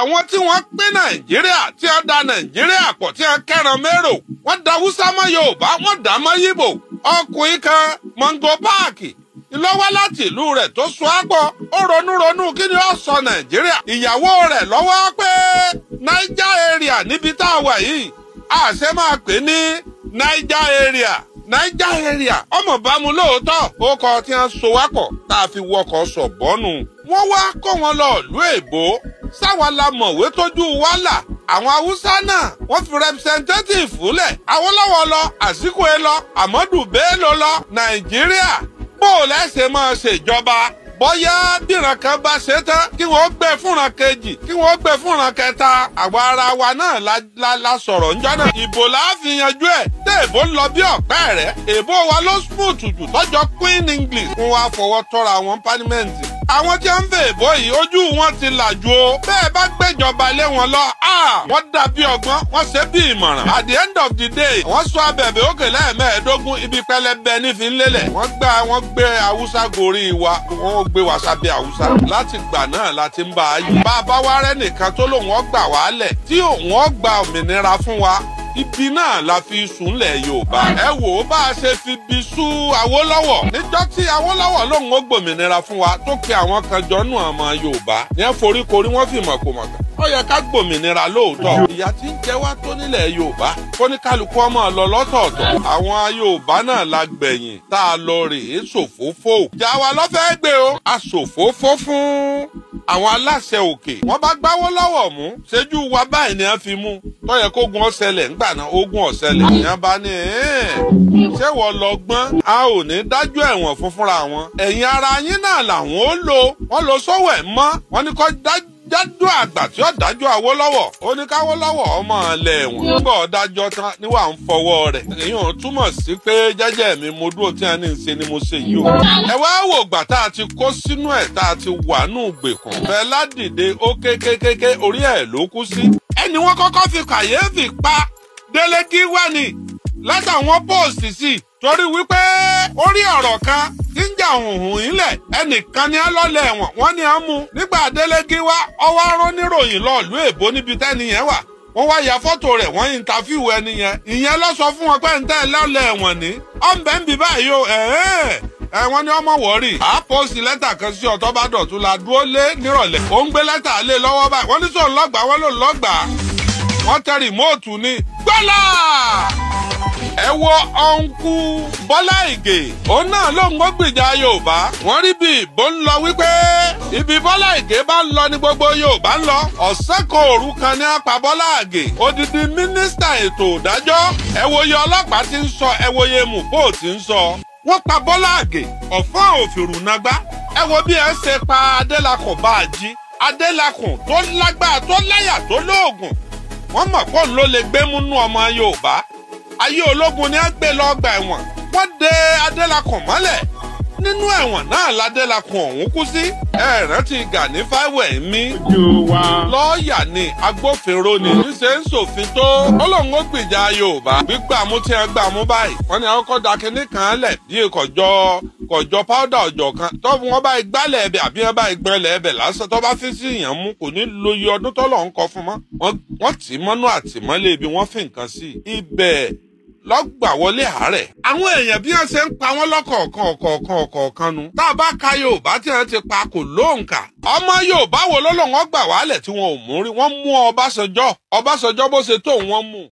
àwọn tí wọ́n pé nàìjíríà tí wọ́n da nàìjíríà pọ̀ tí wọ́n kẹ́ran mérò wọ́n da haúsá mọ́ yorùbá wọ́n dà mọ́ yíbò ọkùnrin kan mọ̀ngò páàkì lọ́wọ́ láti ìlú rẹ̀ tó sọ àpọ̀ ó ronúronú kí ni ó sọ nàìjíríà ìyàwó rẹ̀ lọ́wọ́ pé niger area níbi tá a wà yìí àṣẹ máa pè ní niger area naija area ọmọ bámu lóòótọ́ ó kọ tí wọ́n so wá pọ̀ tá a fi wọkọ̀ sọ bọ́nu. wọ́n wá kó wọn lọ ìlú èbó sáwọn la mọ̀wé tójú wa là àwọn haúsá náà wọ́n fi representative fúlẹ̀ Awolowo lọ Azikiwe lọ Amadu Bello lọ nàìjíríà bó o lẹ́sẹ̀ máa ṣèjọba bóyá bíran kan bá ṣe tán kí wọ́n gbé fúnran kejì kí wọ́n gbé fúnran kẹta àwa ara wa náà la la la sọ̀rọ̀ ńjọ́ náà ìbò la fi yanjú ẹ̀ tẹ́ èbó ń lọ bí ọ̀pẹ́ rẹ̀ èbó wa ló smooth jù tọ́jọ́ Queen English fún wa fọwọ́ tọ́ra wọn pánimẹ́ǹtì àwọn tí ń fè bọ́ yìí ojú wọn ti là ju o. bẹ́ẹ̀ bá gbẹ́jọba lé wọn lọ wọ́n dàbí ọgbọ́n wọ́n ṣe bí ìmọ̀ràn. at the end of the day wọ́n sọ abẹ̀bẹ̀ òkè lẹ́ẹ̀mẹ́ẹ̀ẹ́dógún ibi pẹlẹbẹ nífi ń lélẹ̀. wọ́n gbà wọ́n gbé haúsá gorí wa wọ́n gbé wa sábẹ́ haúsá. láti gbà náà la ti ń bá a yìí. bá a bá wá rẹ́ nìkan tó lóun ó gbà wá lẹ̀ tí òun ó gba òmìnira fún wa ibi náà la fi sùnlẹ̀ yorùbá. ẹ wò ó bá a ṣe fi bi sú awólọ́wọ̀. níjọ́ tí awólọ́wọ̀ lòun ó gbòmìnira fún wa tó pe àwọn kan jọ nù ọmọ yorùbá. ní ẹ foríkorí wọn fi mọ̀kòmọ̀kà. ó yẹ ká gbòmìnira lóòótọ́. ìyà tí ń jẹ wá tó nílẹ̀ yorùbá. kóníkálukú ọmọ lọ lọ́tọ̀ọ̀tọ̀. àwọn yorùbá náà la gbẹ̀yìn tá a lọ rèé ṣòfófó. ìjà wa lọ́fẹ́ gbé o. a ṣòfófó fún àwọn aláṣẹ òkè wọ́n bá gbáwó lọ́wọ́ mú ṣẹ́jú wa báyìí ni wọ́n fi mú tó yẹ kógun ọ̀sẹ̀lẹ̀ ńgbà náà ogun ọ̀sẹ̀lẹ̀ ni wọ́n bá ní ṣé wọ́n lọ gbọ́n a ò ní dájú ẹ̀wọ̀n fún fúnra wọn ẹ̀yin ara yín náà làwọn ó lò wọ́n lọ sọ́wọ́ ẹ̀ mọ́ wọ́n ní kó dájú jádùn àgbà tí ó dájọ́ Awólọ́wọ̀ ó ní káwọ́lọ́wọ̀ ọmọ ilẹ̀ wọn nígbà dájọ́ tán níwà ń fọwọ́ rẹ̀ èyí ò túmọ̀ sí pé jẹ́jẹ́ mi mo dúró tí ẹni ń ṣe ni mo ṣe yìí o. ẹ wá wò gbà tá a ti kó sínú ẹ̀ tá a ti wà nù gbèkùn Fẹlá dìde ó kékékéké orí ẹ̀ ló kú sí. ẹni wọn kọ́kọ́ fi kàyéfì pa Délé Gíwá ni látàwọn póòsì sí torí wípé ó rí ọ̀rọ̀ kan gíńjà òhùn ilẹ̀ ẹnìkan ni á lọ́lẹ̀ ẹ̀wọ̀n wọ́n ní á mú nígbà Adeleke wá ọwọ́ arán níròyìn lọ́ọ̀lú èbó níbi tẹ́ni yẹn wà wọ́n wá ya fọ́tò rẹ̀ wọ́n ìntàfíù ẹni yẹn ìyẹn lọ sọ fún wọn pé ń tẹ́ lọ́lẹ̀ ẹ̀wọ̀n ní ọ̀nbẹ́ ń bí báyìí o ẹ̀wọ̀n ni ọmọ wọ̀ọ́rì á pọ́sì lẹ́tà kan sí ọ̀tọ́ bá dọ̀tún la dúró lé nírọ̀lẹ́ ó ń gbé lẹ́tà lé lọ́wọ́ báyìí wọ́n ní sọ lọ́gbàá wọ́n lò lọ́gbàá wọ́n tẹ rìmóòtù ni gbọ́lá ẹ wo ọ̀nkú bọ́lá ìgè òun náà ló ń gbógbìjà yorùbá wọ́n rí bí ìbò ń lọ wípé ibi bọ́lá ìgè bá ń lọ ní gbogbo yorùbá ń lọ ọ̀sẹ̀ kan òru kan ní apá bọ́lá àgè odidi mínísítà ètò ìdájọ́ ẹ wòye ọlọ́pàá ti ń sọ ẹ wòye mùpó ti ń sọ wọ́n pa bọ́lá àgè ọ̀fọ́ òfìrù nagbá ẹ wo bí ẹ ṣe pa adélakùn bá a jí adélakùn tó lágbára tó láyà tó lóògùn wọ́n mọ̀ pọ́n ló lè gbé múnú ọmọ yorùbá ayé ológun ni a gbé lọ ọgbà ẹ̀wọ̀n wọ́n de adélakùn mọ́lẹ̀ nínú ẹ̀wọ̀n náà ládélakùn ọ̀hún kú sí. ẹ rántí Gani Fáwẹ̀ mi. lọ́ọ̀yà ni agbófinró ni ṣíṣe ń ṣòfin tó. ọlọ́run ó gbìjà Yorùbá gbígbàmú tí wọ́n gbàmú báyìí. wọ́n ní àwọn kọ́ da kinní kan lẹ̀ bí kọjọ kọjọ powder ọjọ́ kan tó wọ́n bá gbálẹ̀ ẹ̀bẹ̀ àbí wọ́n bá gbẹ́lẹ̀ ẹ̀bẹ̀ lásán tó bá fi sí ìyàn mú kò ní lóye ọdún tọ́lọ́run kọ fún mọ́. wọ́n tì í mọ́nú àtìmọ́lé ibi wọ́n fi nǹkan sí. ibẹ̀ lọ́gbà wọlé àárẹ̀. àwọn èèyàn bí wọ́n ṣe ń pa wọ́n lọ́kọ̀ọ̀kan ọ̀kọ̀ọ̀kan ọ̀kọ̀ọ̀kan nu. tá a bá ka yorùbá tí wọ́n ti pa kò lóǹkà. ọmọ yorùbá wo lọ́lọ́wọ́n gbà wálẹ̀ tí wọn ò mú rí wọ́n mú ọbásanjọ́ ọbásanjọ́ bó ṣe tó wọ́n mú.